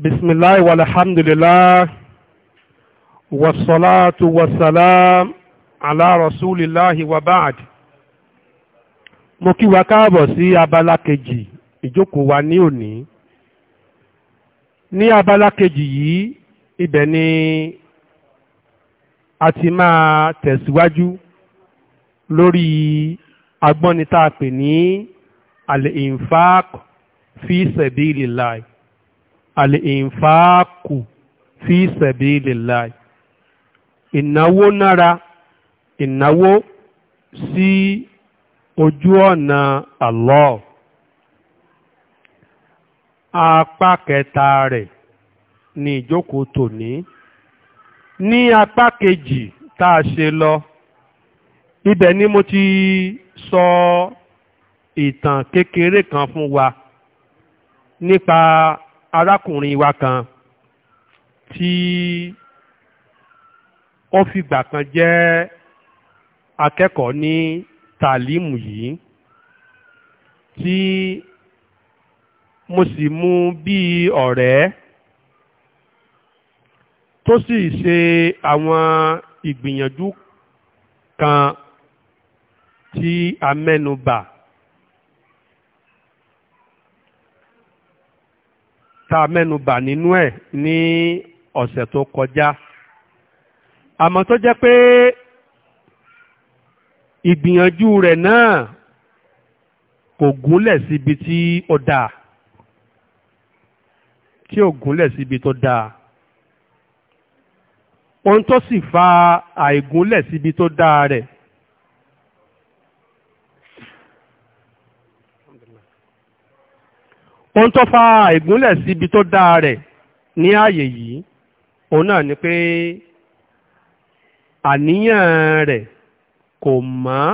بسم الله والحمد لله والصلاة والسلام على رسول الله وبعد mo kí wa káàbọ̀ sí abala kejì ìjókòó wa ní òní ní abala kejì yìí ibẹ̀ ni a ti máa tẹ̀síwájú lórí agbọ́ni tá a pè ní al-infaq fi sabilillah àlìǹfààkù fi sabilillah ìnáwó nára ìnáwó sí ojú ọ̀nà alọ́ọ̀ apá kẹta rẹ̀ ní ìjókòó tòní ní apá kejì tá a ṣe lọ ibẹ̀ ni mo ti sọ ìtàn kékeré kan fún wa nípa arákùnrin wa kan tí ó fìgbà kan jẹ́ akẹ́kọ̀ọ́ ní tàlímù yìí tí mo sì mú bí ọ̀rẹ́ tó sì ṣe àwọn ìgbìyànjú kan tí a mẹ́nu bà tá a mẹ́nu bà nínú ẹ̀ ní ọ̀sẹ̀ tó kọjá àmọ́ tó jẹ́ pé ìgbìyànjú rẹ̀ náà kò gúnlẹ̀ síbi tí ó dáa tí ò gúnlẹ̀ síbi tó dáa ohun tó sì fa àìgúnlẹ̀ síbi tó dáa rẹ̀ ohun tó fa ìgúnlẹ̀ síbi tó dáa rẹ̀ ní ààyè yìí òun náà ni pé àníyàn rẹ̀ kò mọ́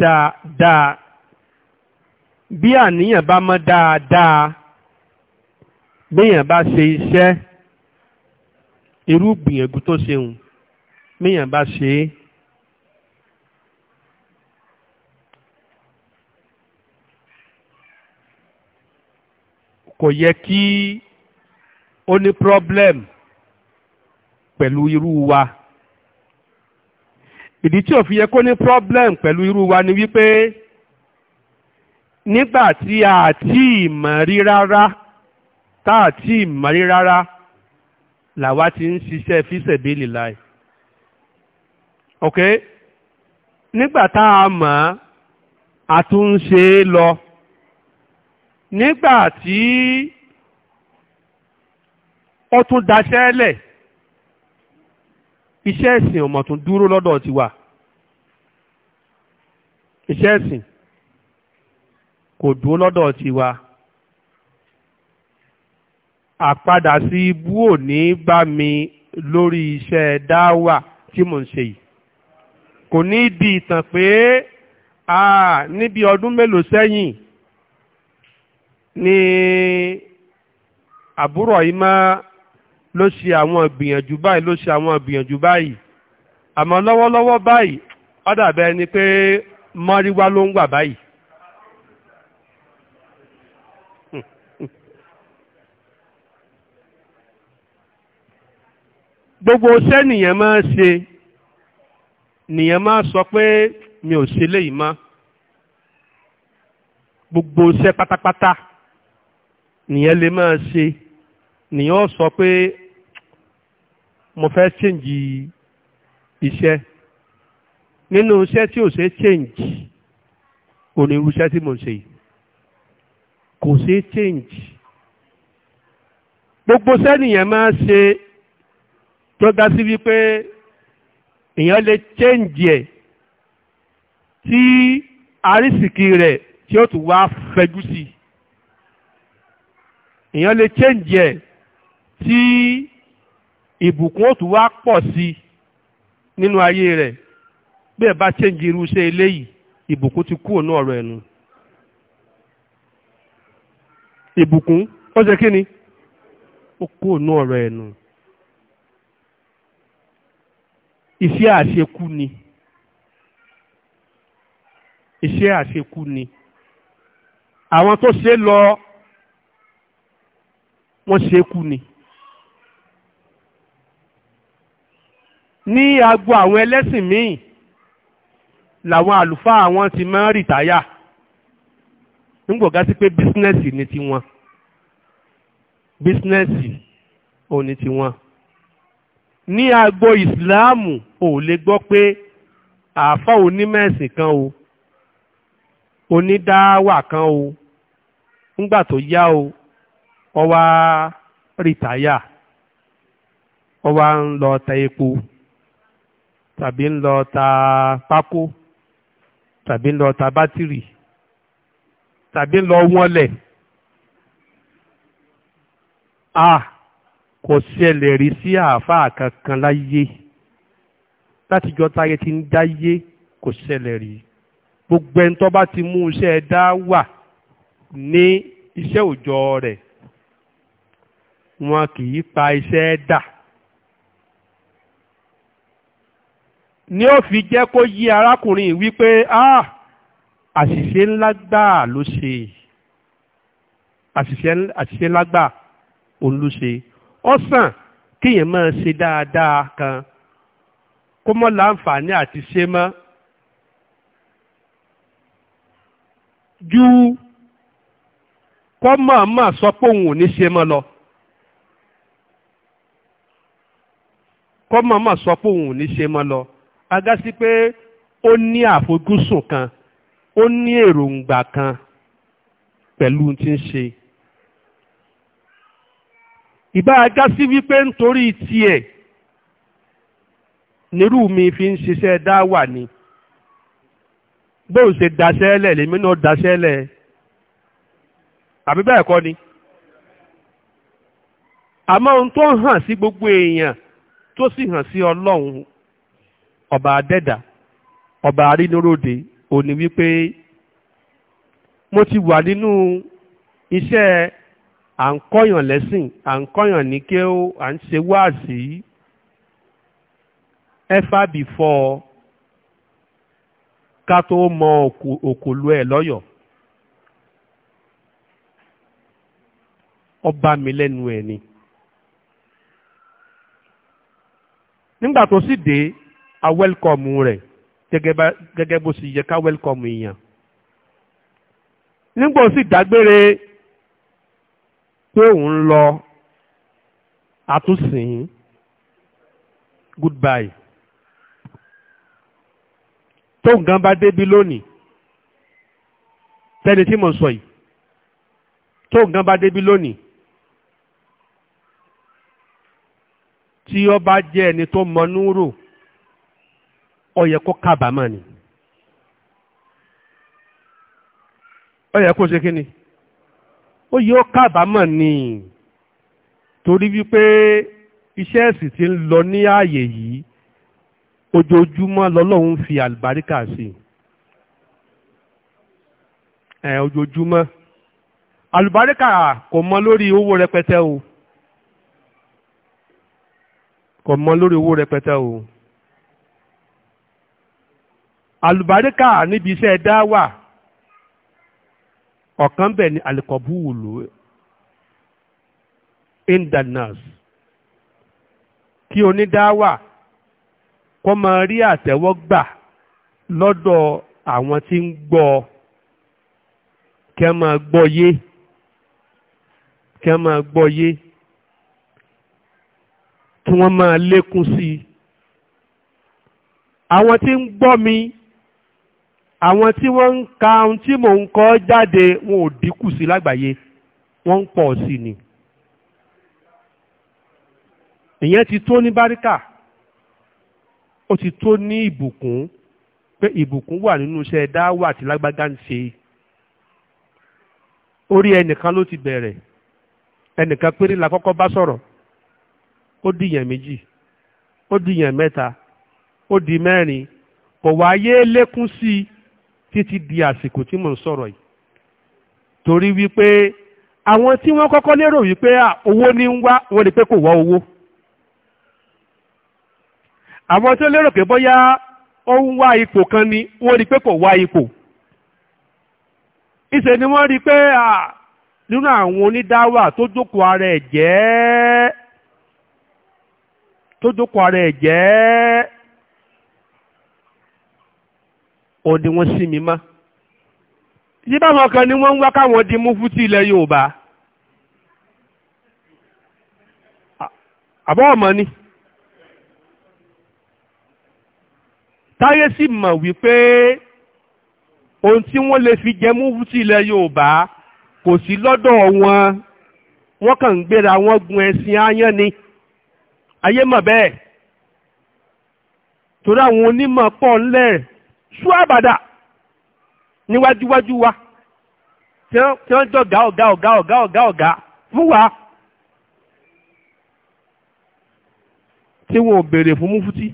dáadáa bí àníyàn bá mọ́ dáadáa béèyàn bá ṣe iṣẹ́ irú gbìyànjú tó ṣeun béèyàn bá ṣe é kò yẹ kí ó ní problem pẹ̀lú irú wa ìdí tí ò fi yẹ kó ní problem pẹ̀lú irú wa ni wípé nígbà tí a ti mọ̀ rí rárá tá a ti mọ̀ rí rárá làwa ti ń ṣiṣẹ́ fíṣẹ̀bílì láì ok nígbà tá a mọ̀ a tún ṣe é lọ nígbà tí ó tún daṣẹ́ lẹ̀ iṣẹ́ ẹ̀sìn ọmọ tún dúró lọ́dọ̀ tiwa iṣẹ́ ẹ̀sìn kò dúró lọ́dọ̀ tiwa àpadà sí ibú ò ní bá mi lórí iṣẹ́ dáwà tí mò ń ṣe yìí kò ní di ìtàn pé níbi ọdún mélòó sẹ́yìn ni àbúrò yìí máa ló ṣe àwọn ìgbìyànjú báyìí ló ṣe àwọn ìgbìyànjú báyìí àmọ́ lọ́wọ́lọ́wọ́ báyìí ó dàbẹ́ ni pé mọ́ríwá ló ń gbà báyìí. gbogbo iṣẹ́ nìyẹn máa ṣe nìyẹn máa sọ pé mi ò ṣe léyìí mọ́ gbogbo iṣẹ́ pátápátá. nìyẹn lè máa ṣe nìyẹn ó sọ pé mo fẹ́ change iṣẹ́ nínú iṣẹ́ tí ò ṣe change òní irú iṣẹ́ tí mo ń ṣe yìí kò ṣe change gbogbo sẹ́nìyàn máa ṣe tó ga sí wípé èèyàn lè change ẹ̀ tí àrísìkí rẹ̀ tí ó tún wá fẹjú sí i èèyàn lè change ẹ̀ tí ìbùkún òtún wá pọ̀ sí nínú ayé rẹ̀ bí ẹ̀ bá change irú iṣẹ́ eléyìí ìbùkún ti kúrò ní ọ̀rọ̀ ẹ̀nu ìbùkún ó ṣe kí ni ó kúrò ní ọ̀rọ̀ ẹ̀nu iṣẹ́ àṣekú ni iṣẹ́ àṣekú ni àwọn tó ṣe lọ wọ́n ṣe kú ni. ní agbo àwọn ẹlẹ́sìn míì làwọn àlùfáà wọn ti máa ń rìtáyà nígbògá sí pé bísínẹ́sì ni tiwọn bísínẹ́sì ò ní tiwọn ní agbo ìsìláàmù ò lè gbọ́ pé àáfàá onímẹ̀sìn kan o onídáwà kan o ńgbà tó yá o ó wá rìtáyà ó wá ń lọ ta epo tàbí ń lọ ta pákó tàbí ń lọ ta bátìrì tàbí ń lọ wọ́nlẹ̀ a kò ṣẹlẹ̀ rí sí àáfàá kankan láyé látijọ́ táyé ti ń dáyé kò ṣẹlẹ̀ rí gbogbo ẹni tó bá ti mú iṣẹ́ dá wà ní iṣẹ́ òòjọ́ rẹ̀ wọn kì í pa iṣẹ́ dà ni ó fi jẹ́ kó yí arákùnrin wípé ah àṣìṣe ńlá gbáà ló ṣe àṣìṣe àṣìṣe ńlá gbáà òun ló ṣe ó sàn kíyàn máa ṣe dáadáa kan kó mọ́ láǹfààní àti ṣe mọ́ ju kọ́ mọ̀ọ́mọ̀ sọ pé òun ò ní ṣe mọ́ lọ. kọ́ màmá sọ pé òun ò ní ṣe mọ́ lọ agásí pé ó ní àfojúsùn kan ó ní èròǹgbà kan pẹ̀lú tí ń ṣe ìbá agásí wípé nítorí tiẹ̀ nírú mi fi ń ṣiṣẹ́ dá wà ni bóun ṣe daṣẹ́lẹ̀ lèmi náà daṣẹ́lẹ̀ àbí bẹ́ẹ̀ kọ́ ni àmọ́ ohun tó hàn sí gbogbo èèyàn tó sì hàn sí ọlọ́run ọba adẹ́dà ọba arínúròde ó ní wípé mo ti wà nínú iṣẹ́ à ń kọ́yàn lẹ́sìn à ń kọ́yàn ní kí ó à ń ṣe wáàsí ẹ̀fà bìfọ́ ká tó mọ òkòlù ẹ̀ lọ́yọ̀ọ́. ọba mi lẹ́nu ẹ̀ ni. nígbà tó sì dé a wẹ́lkọ̀mù rẹ̀ gẹ́gẹ́ bó sì yẹ ká wẹ́lkọ̀mù èèyàn nígbà tó sì dágbére pé òun ń lọ àtúnṣìn goodbye tó nǹkan bá débi lónìí tẹ́ni tí mo sọ yìí tó nǹkan bá débi lónìí tí ó bá jẹ́ ẹni tó mọnú rò ó yẹ kó kábàámọ̀ ni ó yẹ kó ṣe kí ni ó yẹ ó ni torí wípé iṣẹ́ ẹ̀sìn ti ń lọ ní ààyè yìí ojoojúmọ́ lọ́lọ́run fi àlùbáríkà sí ẹ̀ ojoojúmọ́ àlùbáríkà kò mọ lórí owó rẹpẹtẹ o kò mọ lórí owó rẹpẹtẹ o àlùbáríkà níbi iṣẹ́ dáwà ọ̀kan bẹ̀ ni alikọ̀búwùlù indanas kí onídáwà kọ́ máa rí àtẹ́wọ́gbà lọ́dọ̀ àwọn tí ń gbọ́ kẹ́ máa gbọ́ yé kẹ́ máa gbọ́ yé kí wọ́n máa lékún sí i àwọn tí ń gbọ́ mi àwọn tí wọ́n ń ka ohun tí mò ń kọ́ jáde wọn ò dínkù sí lágbàáyé wọ́n ń pọ̀ sí ni ìyẹn ti tó ní báríkà ó ti tó ní ìbùkún pé ìbùkún wà nínú iṣẹ́ dáwà tí lágbága ń ṣe orí ẹnìkan ló ti bẹ̀rẹ̀ ẹnìkan péré la kọ́kọ́ bá sọ̀rọ̀ ó dìyàn méjì ó dìyàn mẹ́ta ó di mẹ́rin kò wáyé lékún sí i títí di àsìkò tí mò ń sọ̀rọ̀ yìí torí wípé àwọn tí wọ́n kọ́kọ́ lérò wípé owó ní ń wá wọ́n pé kò wá owó àwọn tó lérò pé bóyá ó ń wá ipò kan ni wọ́n pé kò wá ipò ìṣe ni wọ́n rí pé nínú àwọn tó jókòó ara ẹ̀ tó jókòó ara ẹ̀ jẹ́ òun ni wọ́n sí mi má yí báwọn kan ni wọ́n ń wá káwọn di mufti ilẹ̀ Yorùbá àbọ̀ ọ̀mọ́ ni táyé sì mọ̀ wípé ohun tí wọ́n lè fi jẹ mufti ilẹ̀ Yorùbá kò sí lọ́dọ̀ wọn wọ́n kàn ń gbéra wọn gun ẹ̀sìn ayán ni ayé mọ̀ bẹ́ẹ̀ torí àwọn onímọ̀ pọ̀ ńlẹ̀ ṣú àbàdà níwájúwájú wa tí wọ́n jọ ọ̀gá ọ̀gá ọ̀gá ọ̀gá ọ̀gá ọ̀gá fún wa tí wọn ò béèrè fún múfútí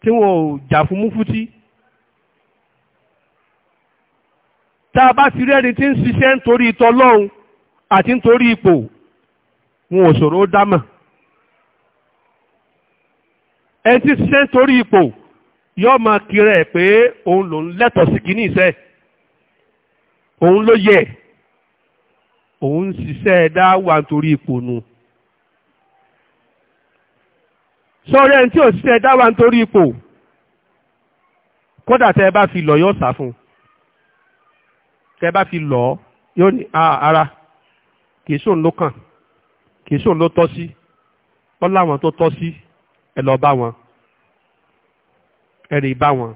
tí wọn ò jà fún múfútí tá a bá ti rẹ́ni tí ń ṣiṣẹ́ nítorí ìtọ́lọ́run àti nítorí ipò wọn ò ṣòro dámọ̀ ẹni tí ṣiṣẹ́ torí ipò yóò máa kiri ẹ̀ pé òun lòun lẹ́tọ̀ọ́ sí kìíní iṣẹ́ òun ló yẹ òun ṣiṣẹ́ dá wà nítorí ipò nu sọ́ọ́rẹ́ ẹni tí ò ṣiṣẹ́ dá wà nítorí ipò kódà tẹ́ ẹ bá fi lọ yóò sá fún un tẹ́ ẹ bá fi lọ yóò ní ah, ara kìí sóun ló kàn kì í sóun ló tọ́ sí wọ́n láwọn tó tọ́ sí ẹ lọ bá wọn ẹ rí bá wọn.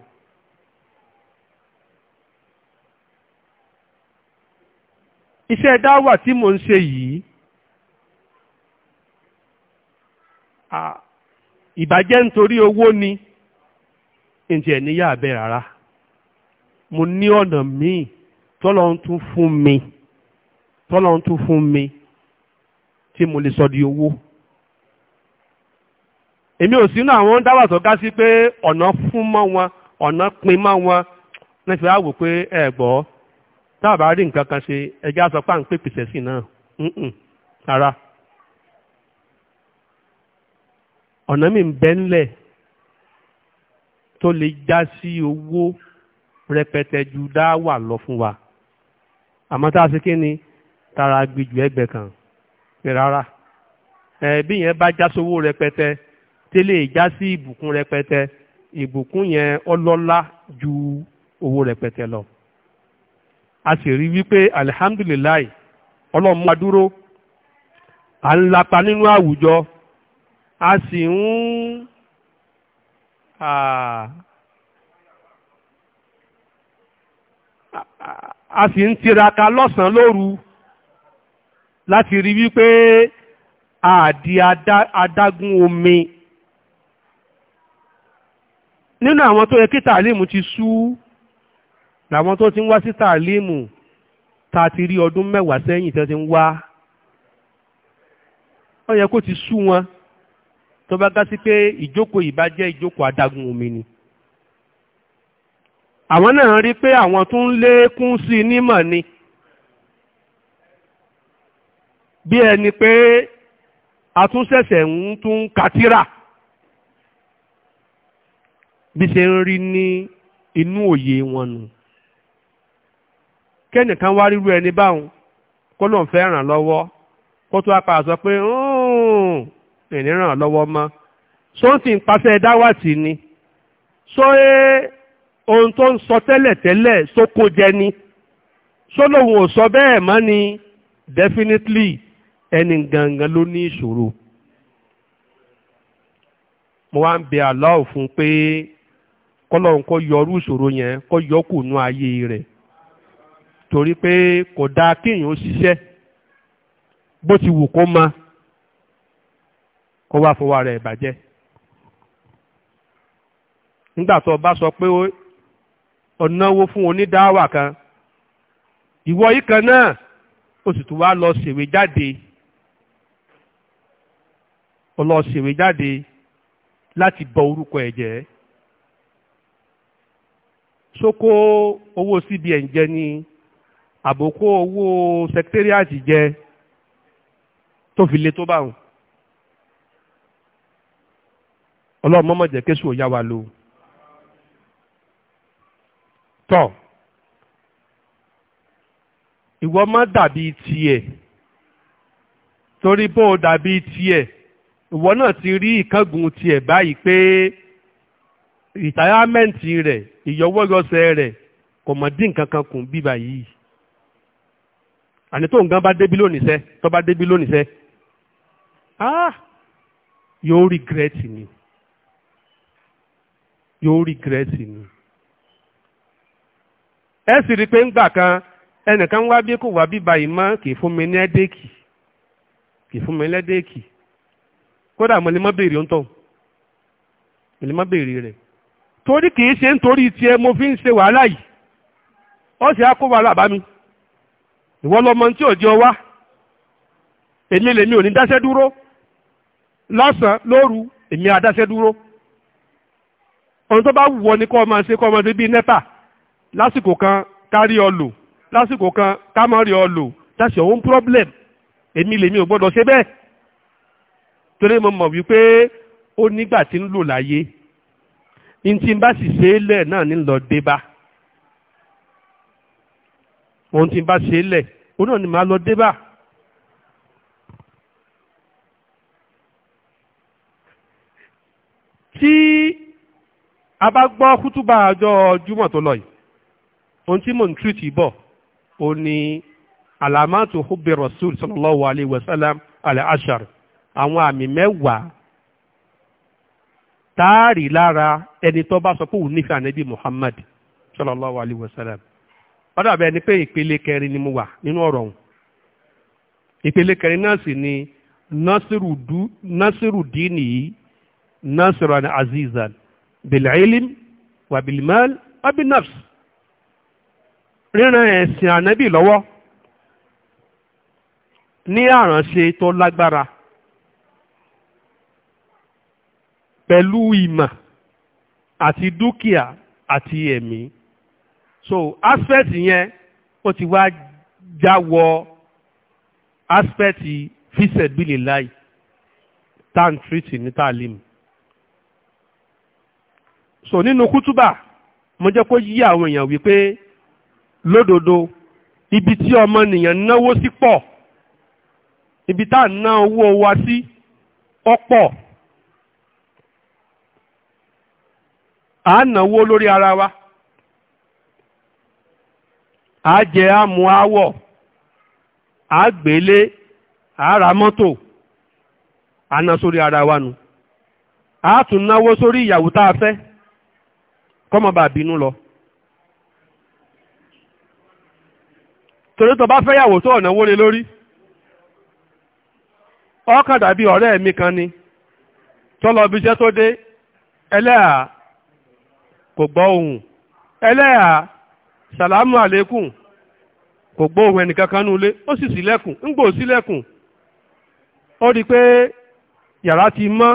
iṣẹ́ dáwà tí mò ń ṣe yìí ìbàjẹ́ nítorí owó ni ǹjẹ́ níyà abẹ́ rárá mo ní ọ̀nà míì tọ́lọ́ ń tún fún mi tọ́lọ́ ń tún fún mi tí mo lè sọ di owó èmi ò sínú àwọn dáwà tó ga sí pé ọ̀nà fún mọ́ wọn ọ̀nà pin mọ́ wọn nífi àwò pé ẹ gbọ́ tá a bá rí nǹkan kan ṣe ẹjẹ́ sọ pé pèsè sí náà rárá ọ̀nà mi ń bẹ́ ńlẹ̀ tó lè já sí owó rẹpẹtẹ ju dáwà lọ fún wa àmọ́ tá a ṣe kí ni tara gbìjù ẹgbẹ́ kan pé rárá bí yẹn bá já sówó rẹpẹtẹ tẹ́lẹ̀ já sí ìbùkún rẹpẹtẹ ìbùkún yẹn ọlọ́lá ju owó rẹpẹtẹ lọ. a sì rí wípé alihamdulilayi ọlọ́run máa à ń lapa nínú àwùjọ a sì ń a sì ń tiraka lọ́sàn-án lóru láti rí wípé àdí adágún omi nínú àwọn tó yẹ kí tàlímù ti sú làwọn tó ti ń wá sí tàlímù ta ti rí ọdún mẹ́wàá sẹ́yìn tó ti ń wá ó yẹ kó ti sú wọn tó bá gá sí pé ìjókòó ìbá jẹ́ ìjókòó adágún omi ni àwọn náà rí pé àwọn tó ń lékún sí i nímọ̀ ni. bí ẹni pé àtúnṣẹ̀ṣẹ̀ ń tún katira bí ṣe ń rí ní inú òye wọn nù kẹ́nìkan wá ríru ẹni báwọn kó lóun fẹ́ ràn lọ́wọ́ kó tó apá sọ pé ẹni ràn lọ́wọ́ mọ́ sóńtì ń pàṣẹ dáwàtì ni So é ohun tó ń sọ tẹ́lẹ̀tẹ́lẹ̀ sókó jẹ ni sólòwò ò sọ bẹ́ẹ̀ mọ́ ni definitely ẹni gangan ló ní ìṣòro mo wá ń bẹ aláwọ̀ fún pé kọ́lọ́run kó yọrú ìṣòro yẹn kó yọkùnú ayé rẹ torí pé kò dáa kéèyàn ó ṣiṣẹ́ bó ti wù kó ma kó wá fọwọ́ rẹ̀ bàjẹ́ nígbà tó o bá sọ pé ó náwó fún onídàáwà kan ìwọ yìí kan náà ó sì tún wá lọ ṣèwé jáde ó lọ ṣèwé jáde láti bọ orúkọ ẹ̀ jẹ́ ṣókó owó cbn jẹ ní àbòkó owó secretariat jẹ tó fi le tó báwọn ọlọ́run mọ́mọ́ jẹ́ kéṣù òyà wa lò tọ́ ìwọ má dàbí tiẹ̀ torí bó dàbí tiẹ̀ ìwọ náà ti rí ìkángun tiẹ̀ báyìí pé rìtáyámẹ́ǹtì rẹ̀ ìyọwọ́yọsẹ̀ rẹ̀ kò mọ̀ dín nǹkan kan kùn bíbà yìí àní tó nǹkan bá débí lónìí sẹ́ tó bá débí lónìí sẹ́ ah yóò rìgírẹ́tì ni yóò rìgírẹ́tì ni ẹ sì rí i pé ńgbà kan ẹnìkan wá bí kò wá bíbà yìí mọ́ kì í fún mi ní ẹ́dẹ́kì kì í fún mi ní ẹ́dẹ́kì kódà mo lè má béèrè ohun tó mo lè má béèrè rẹ̀ torí kìí ṣe nítorí tiẹ̀ mo fi ń ṣe wàhálà yìí ó sì á kó wàhálà bá mi ìwọ lọmọ tí ò jẹ ọ wá èmi lèmi ò ní dáṣẹ́ dúró lọ́sàn-án lóru èmi àdáṣẹ́ dúró ohun tó bá wù ọ ni kọ́ ọ ṣe kọ́ ọ ṣe bíi nẹ́pà lásìkò kan kárí ọ lò lásìkò kan ká ọ lò that's your own problem èmi lèmi ò gbọ́dọ̀ ṣe bẹ́ẹ̀ torí mo mọ̀ wípé ó nígbà tí ń lò láyé n tí n bá sì ṣe é lẹ̀ náà ní lọ dé bá ohun tí n bá ṣe é lẹ̀ ó náà ní máa lọ dé bá. tí a bá gbọ́ kútúbà àjọ júmọ̀ tó lọ yìí ohun tí mò ń tírìtì bọ̀ ó ní alamatu hubbi rasul sallallahu alayhi wa sallam ala ashar àwọn àmì mẹ́wàá táàrí lára ẹni tó bá sọ pé òun nífẹ̀ẹ́ ànábì Muhammad sallallahu alayhi wa sallam ọ̀dọ̀ àbẹ̀ ni pé ìpele kẹrin ni mo wà nínú ọ̀rọ̀ ọ̀hún ìpele kẹrin náà sì ni nasiru dini yìí nasiru azizan bil'ilim wa bilmal wa ríran ẹ̀sìn ànábì lọ́wọ́ ní àránṣe tó lágbára pẹ̀lú ìmọ̀ àti dúkìá àti ẹ̀mí so aspect yẹn ó ti wá já wọ aspect fisẹ̀bìlì láì tàǹtìrìtì ní tàlímù so nínú kútúbà mo jẹ́ kó yí àwọn èèyàn wípé lódodo ibi tí ọmọnìyàn náwó sí pọ̀ ibi tá à ń ná owó wa sí ọ̀pọ̀. a na náwó lórí ara wa a á jẹ àmú àwọ̀ a gbélé a ra mọ́tò a á ná sórí ara wa nu a á tún náwó sórí ìyàwó tá a fẹ́ kọ́mọ bá bínú lọ. torí tó bá fẹ́ yàwó tó ọ̀nà wọlé lórí ọkàn dàbí mi kan ni tọ́lọ bí iṣẹ́ tó dé ẹlẹ́à kò gbọ́ ohùn ẹlẹ́yà sàlámù àlékùn. kò gbọ́ ohùn ẹnìkankan nínú ilé ó sì sílẹ̀kùn ń gbò sílẹ̀kùn ó rí pé yàrá ti mọ́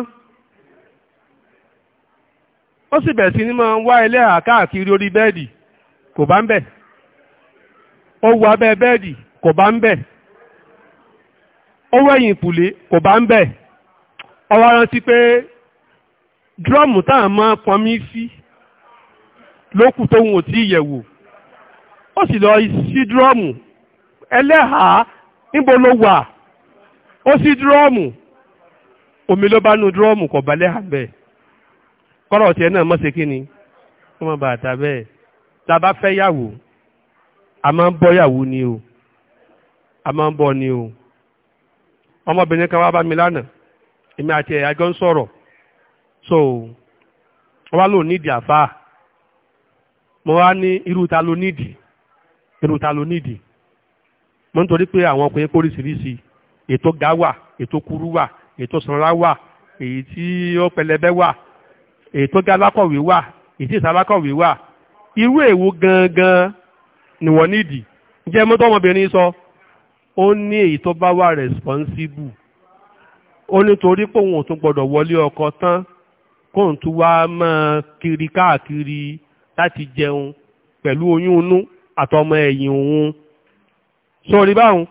ó sì bẹ̀rẹ̀ sí ní máa wá ẹlẹ́yà káàkiri orí bẹ́ẹ̀dì kò bá ń bẹ̀ ó wọ abẹ́ bẹ́ẹ̀dì kò bá ń bẹ̀ ó wẹ̀yìn ìpùlé kò bá ń bẹ̀ ó rántí pé dúrọ́ọ̀mù táà máa pọnmi sí. Si lókù tóhun ò tí yẹ̀wò ó sì lọ sí dúrọ́ọ̀mù ẹlẹ́hàá níbo ló wà ó sí omi ló bá nu dúrọ́ọ̀mù kò bá lẹ́hàá bẹ́ẹ̀ kọ́rọ̀ tiẹ̀ náà ni bá fẹ́ yàwó a ni o a máa ń bọ́ ni o ọmọbìnrin kan wá mi lánàá èmi àti ẹ̀yà jọ so wọ́n wá lò mo wá ní irú ta ló nídìí irú ta ló nídìí mo ń torí pé àwọn ọkùnrin póríṣiríṣi ètò ga wà ètò kúrú wà ètò sanra wà èyí tí ó pẹlẹbẹ wà ètò ga lákọ̀wé wà èyí tí ìsalákọ̀wé wà irú èwo gangan ni wọ́n nídìí ǹjẹ́ mọ́tò ọmọbìnrin sọ ó ní èyí tó bá wà responsible ó nítorí pé òun ò tún gbọ́dọ̀ wọlé ọkọ tán kóun tún wá máa kiri káàkiri láti jẹun pẹ̀lú oyún inú àtọmọ ẹ̀yìn òun sórí báwọn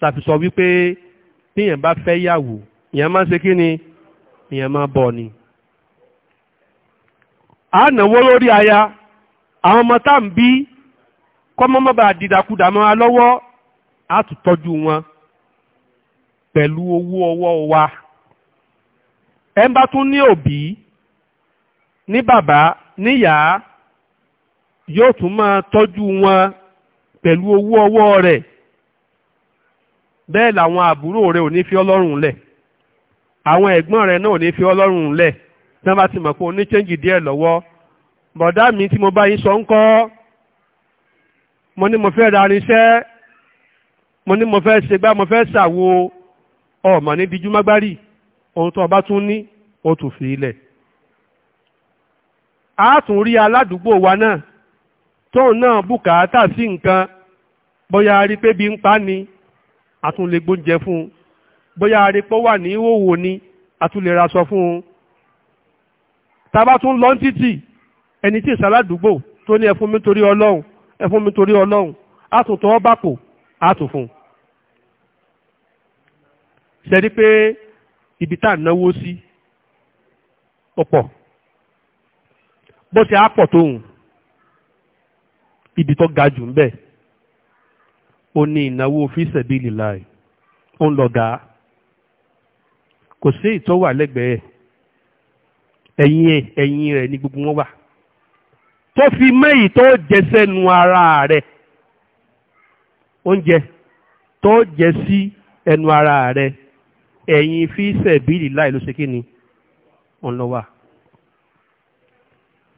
tàbí sọ wípé tíyẹn bá fẹ́ yàwó ìyẹn máa ń ṣe kí ni ìyẹn máa bọ̀ ni. a náwó lórí aya àwọn ọmọ tá à ń bí kọ́mọ́mọ́ bá dìdàkudà mọ́ wa lọ́wọ́ a tún tọ́jú wọn pẹ̀lú owó ọwọ́ wa. ẹ bá tún ní òbí ní bàbá níyàá yóò tún máa tọ́jú wọn pẹ̀lú owó ọwọ́ rẹ̀ bẹ́ẹ̀ làwọn àbúrò rẹ̀ ò ní fi ọlọ́run lẹ̀ àwọn ẹ̀gbọ́n rẹ̀ náà ò ní fi ọlọ́run lẹ̀ tí wọ́n bá ti mọ̀ pé oníṣẹ́ǹjì díẹ̀ lọ́wọ́ bọ̀dá mi tí mo bá yín sọ ń kọ́ mo ní mo fẹ́ ra irinṣẹ́ mo ní mo fẹ́ ṣe gbá mo fẹ́ ṣàwo ọmọ ní díjú ohun tó ọba tún ní ó tún fi ilẹ̀ a tún rí aládùúgbò wa náà tóun náà bùkátà sí nǹkan bóyá a rí pé bí ń pa ni a tún lè gbóúnjẹ fún un bóyá a rí pé ó wà ní ìhòòhò ni a tún lè raṣọ fún un tá a bá tún lọ títì ẹni tí ìsàládùúgbò tó ní ẹ mi torí ọlọ́run ẹ mi torí ọlọ́run a tún tọ́ bàpò fún un ṣe pé ibi tá à ń náwó sí ọ̀pọ̀ bó ṣe á pọ̀ tóun ibi tó ga jù ń bẹ̀ ó ní ìnáwó fi sabilillah ó ń lọ ga kò sí ìtọ́wà lẹ́gbẹ̀ẹ́ ẹ̀yìn ẹ̀ ẹ̀yìn rẹ̀ ní gbogbo wọn wà tó fi mẹ́yì tó jẹ ara rẹ̀ oúnjẹ tó jẹ sí ẹnu ara rẹ̀ ẹ̀yìn fi sabilillah ló ṣe kí ni ó ń lọ wà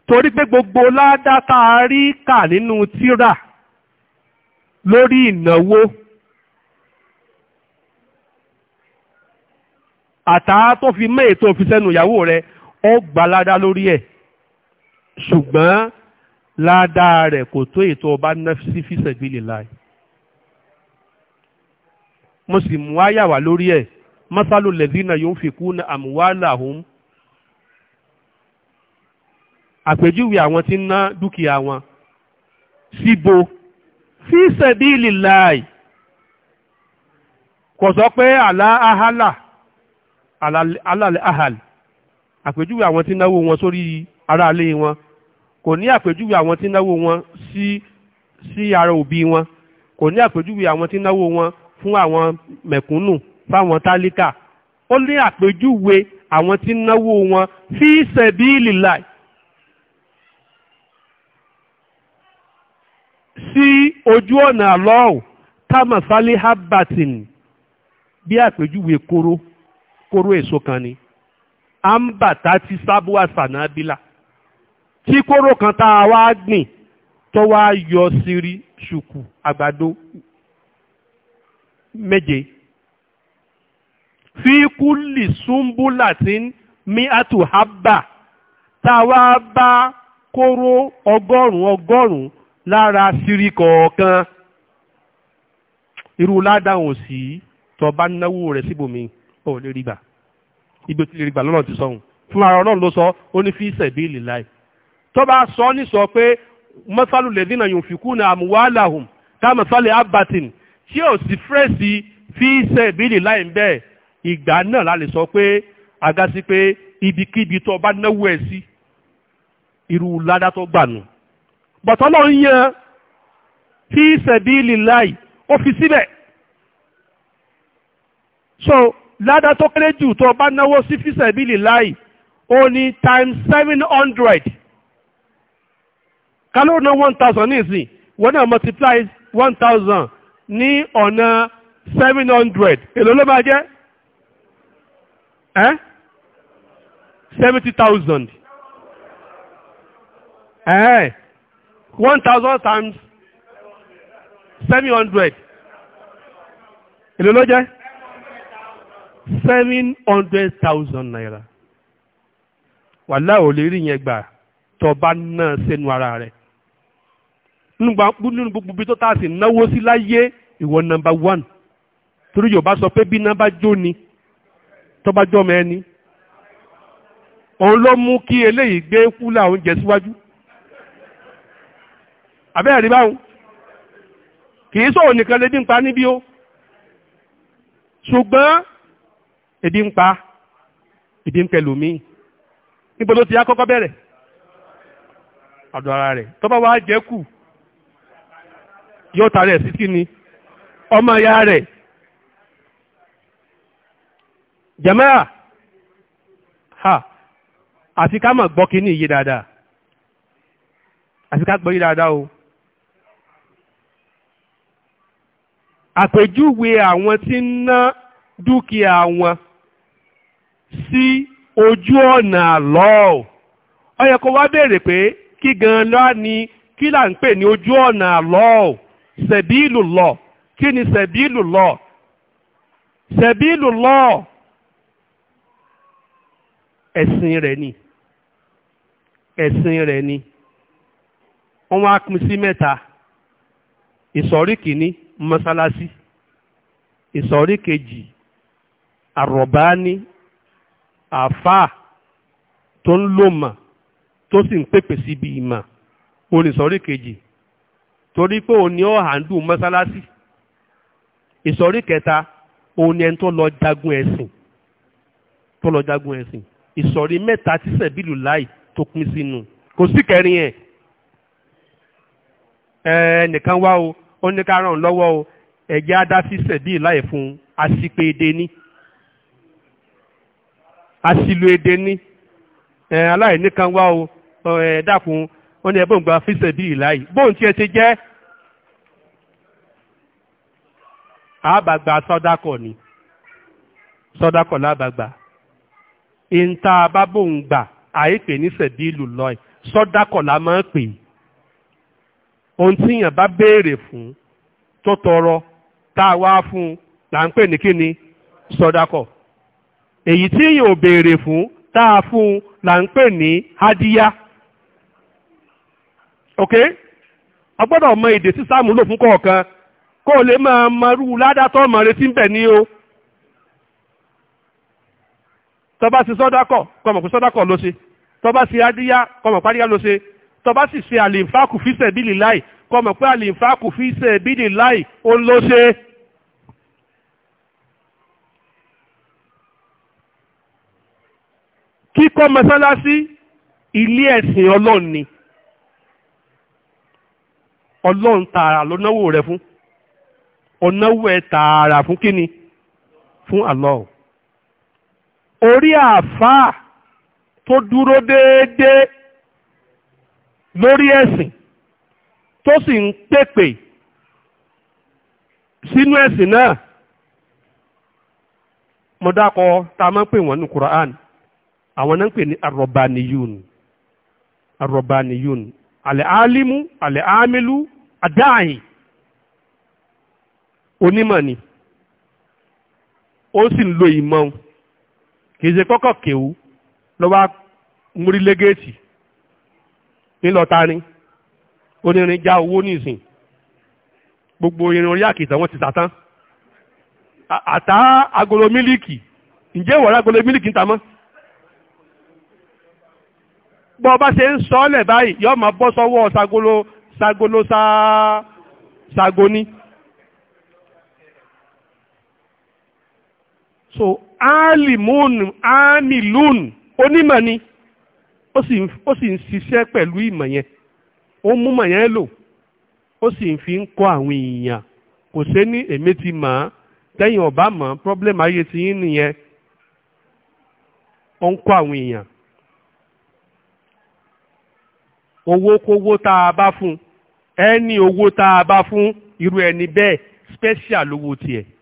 torí pé gbogbo ládá tá a rí kà nínú tírà lórí ìnáwó àtà tó fi mé ètò òfin sẹ́nu ìyàwó rẹ̀ ó gbà ládá lórí ẹ̀ ṣùgbọ́n ládá rẹ̀ kò tó ètò ọba nẹ́físí fíṣẹ̀bílì láì mo sì mú àyà lórí ẹ̀ mọ́sálò lẹ́dínà yóò fi kú ní àmúwálà òun àpèjúwe àwọn tí ń ná dúkìá wọn síbo fi sabilillahi kò sọ pé àlá ahálà alálẹ̀ ahàl àpèjúwe àwọn tí náwó wọn sórí aráalé wọn kò ní àpèjúwe àwọn tí náwó wọn sí sí ara òbí wọn kò ní àpèjúwe àwọn tí náwó wọn fún àwọn mẹ̀kúnnù fáwọn tálíkà ó ní àpèjúwe àwọn tí náwó wọn fi sabilillahi sí ojú ọ̀nà àlọ́ọ̀ tamasali habatin bí àpèjúwe kóró kóró èso kan ni ambata ti sábúà sànábìlà tí kóró kan tá a wá gbìn tó wá yọ sírí ṣùkù àgbàdo méje fi kúlì súnbúlàtín mi àtù habba tá a wá bá kóró ọgọ́rùn-ún ọgọ́rùn-ún lára sírí kọ̀ọ̀kan irú ládàáhùn sí tó bá náwó rẹ̀ síbòmí ò lè rí gbà ibi tí lè rí gbà lọ́nà ti sọ̀hún fún ara ọlọ́run ló sọ ó ní fi sẹ̀bíìlì láì tó bá sọ ní sọ pé mọ́sálù lè dínà yòó fìkú ní àmúwálàhùn káàmù sálẹ̀ abatin tí ò sí fírẹ́sì fi sẹ̀bíìlì láì ń bẹ́ẹ̀ ìgbà náà la lè sọ pé àga sí pé ibikíbi tó bá náwó ẹ̀ sí irú ládàá tó gbà bọ̀tọ́lọ́ ń yan fi sabilillahi ó fi síbẹ̀ so ládá tó kéré jù tó bá náwó sí fi sabilillahi ó ní times seven hundred kálọ̀ ná one thousand ní ìsìn wọ́n náà multiply one thousand ní ọ̀nà seven hundred èlò ló máa jẹ́ ẹ́ seventy thousand ẹ́ one thousand times seven hundred èlò ló jẹ́ seven hundred thousand naira wàhálà ò lè rí yẹn gbà tó bá náà sẹ́nu ara rẹ̀ nínú gbogbo bí tó tá a náwó sí láyé ìwọ nọ́mbà one torí Yorùbá sọ pé bí nọ́mbà jó ni tó bá jọ́ mọ́ ẹni òun ló mú kí eléyìí gbé kúlà oúnjẹ síwájú. Si àbẹ́ẹ̀ rí báwọn kì í sọ̀rọ̀ nìkan lè dínpa níbí ó ṣùgbọ́n èdè ń pa èdè ń pẹ̀lú mi níbo ló ti yá kọ́kọ́ bẹ̀rẹ̀ ọ̀dọ̀ rẹ̀ tó wá jẹ́ kù yóò tààrẹ̀ sí kí ni ọmọ ìyá rẹ̀ jẹ̀mẹ́à ha àfi ká mọ̀ gbọ́ kí ní iye dáadáa àfi ká gbọ́ yí dáadáa o. àpèjúwe àwọn tí ń ná dúkìá wọn sí ojú ọ̀nà àlọ́ ó yẹ kó wá béèrè pé kí gan lọ́wọ́ ni kí là ń pè ní ojú ọ̀nà lọ kí ni lọ sẹ̀bíìlù lọ ẹ̀sìn rẹ̀ ni ẹ̀sìn rẹ̀ ni wọ́n wá pín sí mẹ́ta ìsọ̀rí Masalasi ìsọ̀rí kejì àrọ̀bání àfáà tó ń lòmà tó sì ń pèpè síbi ìmà onísọ̀rí kejì torí pé òní ó hàndù mọ́sálásí ìsọ̀rí kẹta òní ẹni tó lọ jagun ẹ̀sìn tó lọ jagun ẹ̀sìn ìsọ̀rí mẹ́ta tí sẹ̀bílù láì tó pín sínú kò sí kẹrin ẹ̀ ẹnìkan wá o ó ní ká ràn án lọ́wọ́ o ẹ̀jẹ̀ adásí sẹ̀bí láì fún un àsìpè èdè ní àsìlò èdè ní ẹ̀ aláìní kan wá o ẹ̀ dákun ó ní ẹ̀bùn gba fíṣẹ̀bí láì bóun tí ti jẹ́ àbàgbà sọ́dákọ̀ ni sọ́dákọ̀ lábàgbà ìntà bábòǹgbà àìpè ní sẹ̀bí ìlú sọ́dákọ̀ la máa ń pè é. ohun tí yàn bá béèrè fún tó tọrọ tá a wá fún là ń pè ní kíni sọdakọ èyí tí yàn ò béèrè fún tá a fún là ń pè ní hadiya ok a gbọ́dọ̀ mọ èdè sísá múlò fún kọ̀ọ̀kan kó o lè máa mọrú ládàtọ ọmọ retí ń bẹ ní o tọba sí sọdakọ kọmọkù sọdakọ ló ṣe tọba sí hadiya kọmọkù hadiya ló ṣe tó bá sì ṣe àlìǹfààkù fíṣẹ̀ bílì láì kó mọ̀ pé àlìǹfààkù fíṣẹ̀ bílì láì ó ń lọ ṣe. kíkọ́ mọ́sálásí ilé ẹ̀sìn ọlọ́run ni ọlọ́run tààrà ló náwó rẹ̀ fún ọ̀náwó ẹ̀ tààrà fún kíni fún Allah orí àáfàá tó dúró déédéé lórí ẹ̀sìn tó sì ń pèpè sínú ẹ̀sìn náà mo dákọ tá a máa ń pè wọ́n ní Quran àwọn náà ń pè ní arọbaniyun arọbaniyun alẹ́ alimu alẹ́ amilu adáhìn onímọ̀ ni ó sì ń lo ìmọ̀ kì í ṣe kọ́kọ́ kéwú lọ́wọ́ múrílégéètì ńlọta ni onírin já owó nísìn gbogbo irin orí àkìtàn wọn ti sàtán àtà agolo mílíkì ǹjẹ́ ìwọ̀rá agolo mílíkì ń ta mọ́ bọ́ ọba ṣe ń sọ ọ́lẹ̀ báyìí yọ́ máa bọ́ sọ́wọ́ sagolo sagolo sáà sagoni so áàlì moon áàmì lùn onímọ̀ ni ó sì ń ṣiṣẹ́ pẹ̀lú ìmọ̀ yẹn ó mú mọ̀ yẹn lò ó sì ń fi ń kọ́ àwọn èèyàn kò ṣe ní èmi ti mọ̀ ọ́ tẹ́yìn ọ̀bá mọ̀ ọ́ problem ayé ti yín nìyẹn ó ń kọ́ àwọn èèyàn owó kówó tá a bá fún ẹni owó tá a bá fún irú ẹni bẹ́ẹ̀ special lówó tiẹ̀.